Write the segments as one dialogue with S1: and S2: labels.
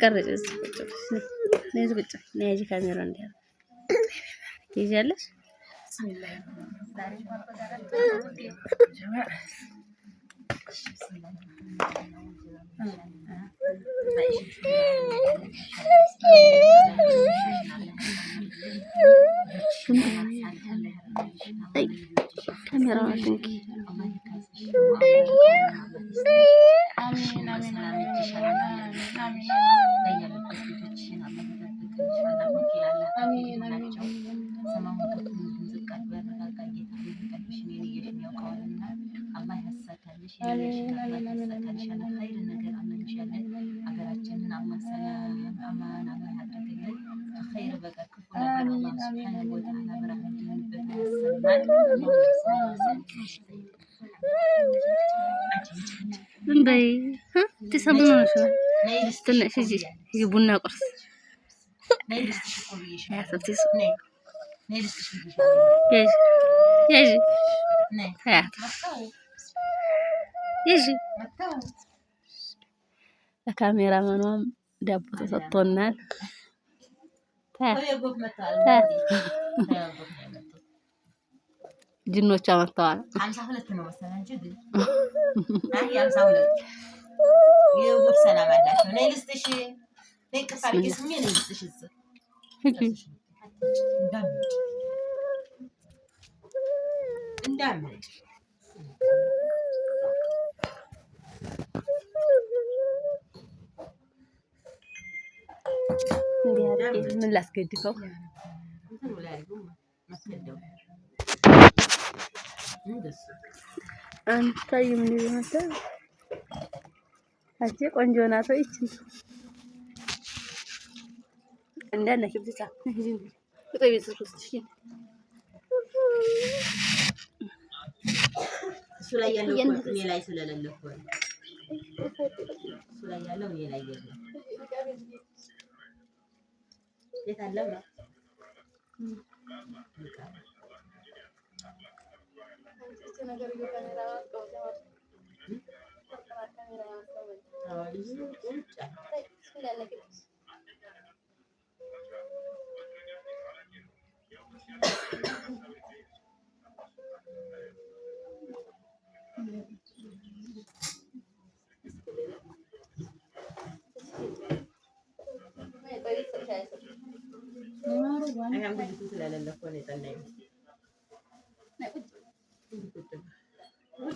S1: ቀረ ነዚህ ቁጭ ነዚህ ካሜራ እንዲያ ትይዣለሽ። ካሜራውን ምን በይ ትሰምኑ ነው። ትንሽ እጂ እጂ ቡና ቁርስ ለካሜራ ዳቦ ተሰጥቶናል። ጅኖች አመጥተዋል።
S2: ሀምሳ ሰላም አላቸው።
S1: ምን ላስገድፈው አንታይም ነው ማለት አቺ ቆንጆ ናት። እቺ እንደነ ሽብታ
S2: እሱ ላይ going to አያም ብዙ ስላለለኮ ነው የጠናኝ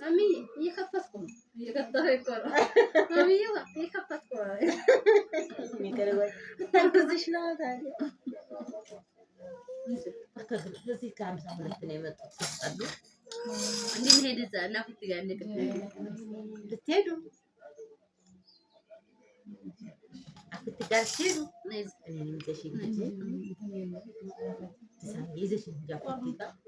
S1: Mami, iyi kapasko. İyi kapasko. Mami, iyi kapasko. Mi kere koy. Kız işine al hadi.
S2: በዚህ ከሀምሳ ሁለት ነው የመጡት።
S1: እንዴት ሄድ እዛ እናፍት ጋር እንደ
S2: ብትሄዱ አፍት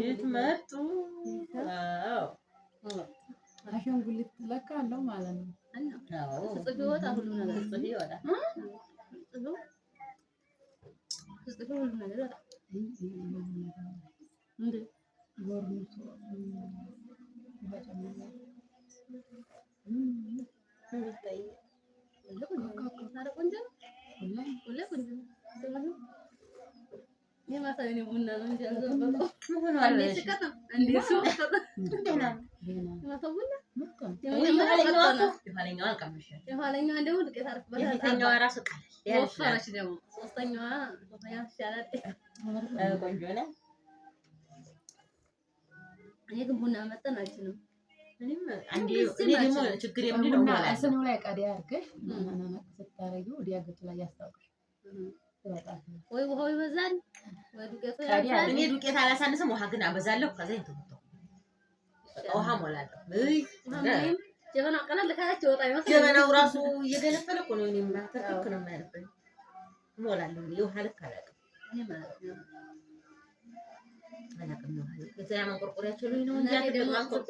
S2: የት መጡ?
S1: አሻንጉሊት ለካ አለው ማለት ነው። ጽጌ ወጣ፣ ሁሉም ነገር ጽጌ ወጣ፣ ሁሉም ነገር ወጣ። ቆንጆ የፊተኛዋ ራሱ ቃለች ደግሞ ሶስተኛዋ ይሻላል። ቆንጆ ነው። እኔ ግን ቡና መጠን አልችልም።
S2: ችግር የምንድን ነው
S1: ስሙ ላይ ቀዲያ አድርገሽ ስታረጊው ወዲያ ገቱ ላይ ያስታውቅሽ ወይ ውሃው ይበዛል
S2: ወይ ዱቄቱ ያልፋል። እኔ ዱቄት አላሳንስም፣ ውሃ ግን አበዛለሁ። ከዛ ይተውቶ ውሃ ሞላለሁ።
S1: ጀበናው ቀለል ካላችሁ ይወጣ
S2: ይመስላል። ጀበናው ራሱ እየገለፈለ እኮ ነው። እኔማ ተክክ ነው የማያልፈኝ። ሞላለሁ እኔ ውሃ ልክ አላውቅም። እኔ ማለት ነው አላውቅም ውሃ ልክ እዛ ያመንቆርቆሪያቸው
S1: ነው እንጂ አትደማቆጣ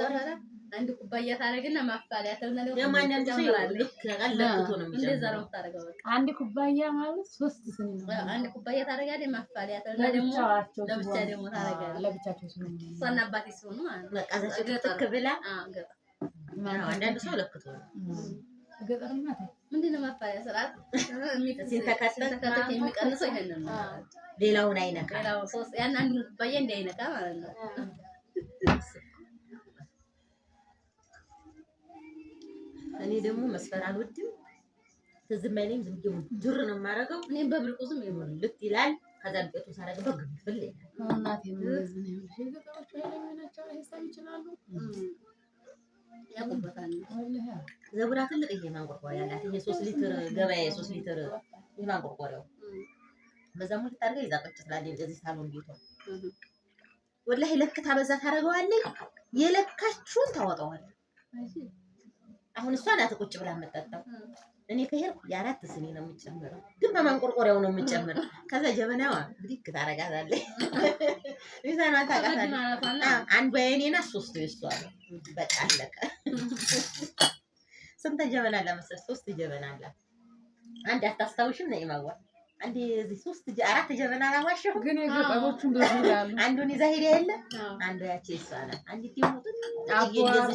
S1: አንድ ኩባያ ታደርግና ማፋለያ ተብለለው አንድ ኩባያ ማለት ሶስት ስኒ ነው። አንድ ኩባያ ታደርጋለህ ማፋለያ ተብለህ ደግሞ ለብቻ ደግሞ ታደርጋለህ። ለብቻቸው ስኒ እሷና አባቴ ሲሆኑ
S2: ገጠር ብላ አንዳንድ ሰው ለክቶ ነው።
S1: ገጠርማ ምንድን ነው ማፋለያ ስርዓት የሚቀንሰው
S2: ይሄንን ነው። ሌላውን አይነካ
S1: ያን አንድ ኩባያ እንዳይነካ ማለት ነው።
S2: እኔ ደግሞ መስፈር አልወድም። ትዝም አይለኝም። ዝም ብዬ ነው የማደርገው። እኔም በብልቁ ዝም ይሆን ልክ ይላል። ከዛ ልቀቱ ሳረግበው ግብል ዘቡዳ ትልቅ ይሄ ማንቆርቆሪያ ያላት ይሄ ሶስት ሊትር ገበያ የሶስት ሊትር ይሄ ማንቆርቆሪያው በዛ ሙሉ ታርገ ይዛ ቁጭ ትላለች። እዚህ ሳሎን ቤቷ ወላሂ ለክታ በዛ ታደርገዋለች። የለካችሁን ታወጣዋለች። አሁን እሷ ናት ቁጭ ብላ የምጠጣው። እኔ ከሄድኩ የአራት ስኒ ነው የምጨምረው፣ ግን በማንቆርቆሪያው ነው የምጨምረው። ከዛ ጀበናዋ ብድክ ታረጋታለች። ሚዛኗ ታውቃታለች። አንዷ የኔ ናት፣ ሶስቱ የእሷ ነው። በቃ አለቀ። ስንት ጀበና አላት መሰለሽ? ሶስት ጀበና አላት። አንድ አታስታውሽም? ነው ማዋል አንድ እዚህ ሶስት አራት ጀበና አላሟሸሁ
S1: ግን የገጠሮቹ እንደዚህ ይላሉ።
S2: አንዱን ይዛ ሄዳ የለ አንዱ ያቺ እሷ ናት። ደግሞ
S1: አባዋራው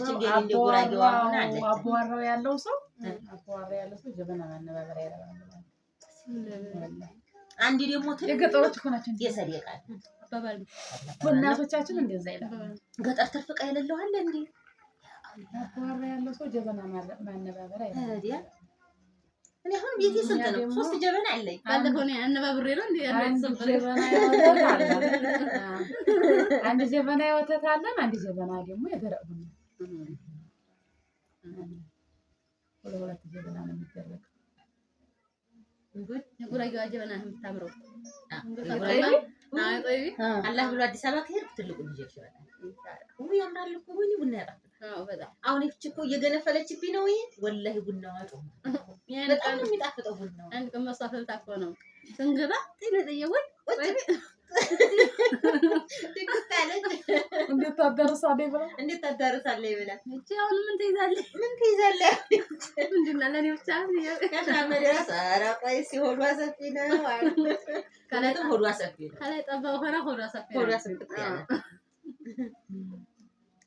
S1: ያለው ሰው አባዋራው ያለው ሰው ጀበና ማነባበሪያ ያለው አንድ ደግሞ የገጠሮች እኮ ናቸው። የሰደቃል እናቶቻችን እንደዛ ይላሉ።
S2: ገጠር ትርፍ የሌለው አለ እንደ
S1: አባዋራው ያለው ሰው ጀበና ማነባበሪያ እኔ አሁን ቤቴ ስንት ነው? ሶስት ጀበና አለኝ። ባለፈው እኔ አነባብሬ ነው አንድ ጀበና የወተት አለን፣ አንድ ጀበና ደግሞ የደረቅ ቡና
S2: ሁለት ሁለት ጀበና ነው የሚደረግ። የጉራጌዋ ጀበና ነው የምታምረው። አላህ ብሎ አዲስ አበባ ከሄድኩ ትልቁ ልጅ ይችላል። ያምራል እኮ ቡና ያጣፍጣል። አሁን ይህች እኮ እየገነፈለችብኝ ነው። ይሄ ወላሂ ቡናዋ በጣም ነው የሚጣፍጠው። ቡናዋ
S1: አንድ ቀን መሷ እኮ ነው ስንገባ እንዴት ታዳርሳለህ ብላ እቺ አሁን ምን ትይዛለህ? ምን ትይዛለህ?
S2: ነው ሆዷ ሰፊ
S1: ነው።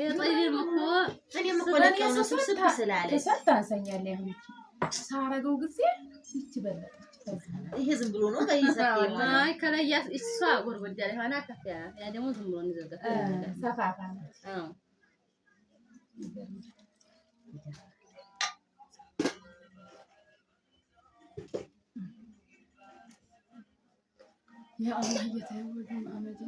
S1: የጠይብ እኮ ተሰጣን ሰኛለ ያሁን ሳረገው ጊዜ ይች በለጠች። ይሄ ዝም ብሎ ነው ከላይ እሷ ጎድጎዳ ላይ ሆና ከፍ ያ ደግሞ ዝም ብሎ እንዘጋ ሰፋፋ ነች። ያ አላህ እየተወደን አመድ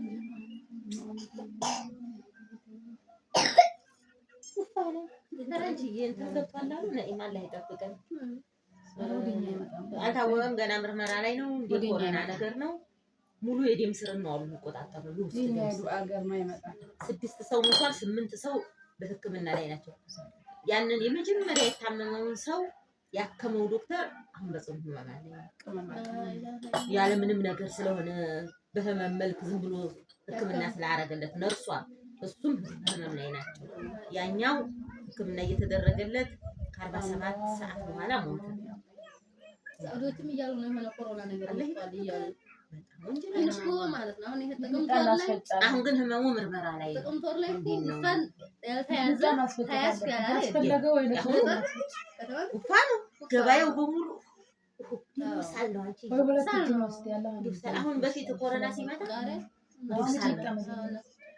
S2: አልታወቀም። ገና ምርመራ ላይ ነው። እንደ ኮረና ነገር ነው። ሙሉ የደም ስርን ነው አሉ የሚቆጣጠሩ። ስድስት ሰው ሞቷል። ስምንት ሰው በሕክምና ላይ ናቸው። ያንን የመጀመሪያ የታመመውን ሰው ያከመው ዶክተር አሁን በጽኑ ህመም አለ። ያለምንም ነገር ስለሆነ በህመም መልክ ዝም ብሎ ሕክምና ስላደረገለት ነርሷ፣ እሱም ህመም ላይ ናቸው ያኛው ሕክምና እየተደረገለት ከአርባ ሰባት ሰዓት በኋላ ሞተ።
S1: ጸሎትም እያሉ ነው የሆነ ኮሮና ነገር እያሉ
S2: አሁን ግን ህመሙ ምርመራ ላይ ገበያው በሙሉ
S1: አሁን በፊት ኮሮና ሲመጣ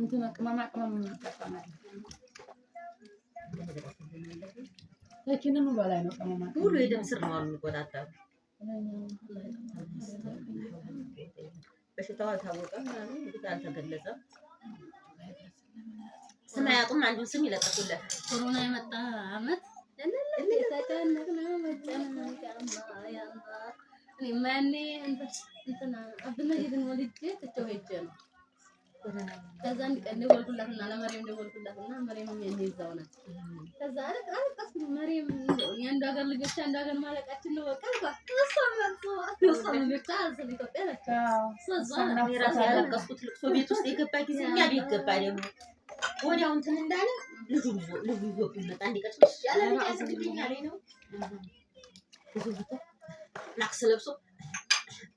S1: እንትን ቅመማ ቅመም እንጠቀማለን። ከኪንኑ በላይ ነው ቅመማ
S2: ሁሉ የደም ስር ነው የሚቆጣጠሩ። በሽታው አልታወቀም፣ እንግዲህ አልተገለጸም። ስም አያውቁም። አንዱን ስም
S1: ይለጠፉለታል። ኮሮና የመጣ አመት ተጨነቅና ከዛ አንድ ቀን ደወልኩላትና ለመሬም ደወልኩላትና መሬም የኔ እዛው ናት። ከዛ አረቅ አረቀስ መሬም የአንድ ሀገር ልጆች አንድ ሀገር ማለቃችን ነው በቃ
S2: ያለቀስኩት ልቅሶ ቤት ውስጥ የገባ ጊዜ
S1: እኛ ቤት ገባ ደግሞ ወዲያው እንትን እንዳለ ልጁ ልጁ ይወጡለት አንድ ቀጭ ያለ ያለ ነው ናክስ ለብሶ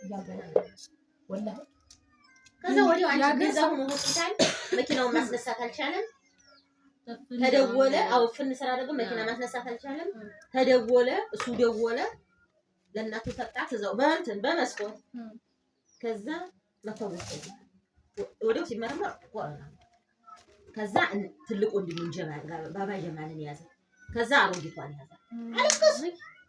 S1: ከዛ
S2: መኪናውን ማስነሳት አልቻለም። ተደወለ አው ፍን ስራ ደግሞ መኪና ማስነሳት አልቻለም። ተደወለ እሱ ደወለ ለእናቱ ሰጣት እዛው በእንትን በመስኮት ከዛ መፈወስ ወዲያው ሲመረመር ኮሮና ከዛ ትልቅ ወንድሙን ጀማል ባባ ጀማልን ያዘ። ከዛ አሮጊቷን ያዘ አለቀሱ።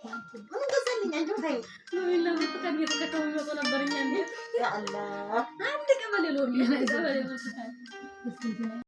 S2: አንድ ቀበሌ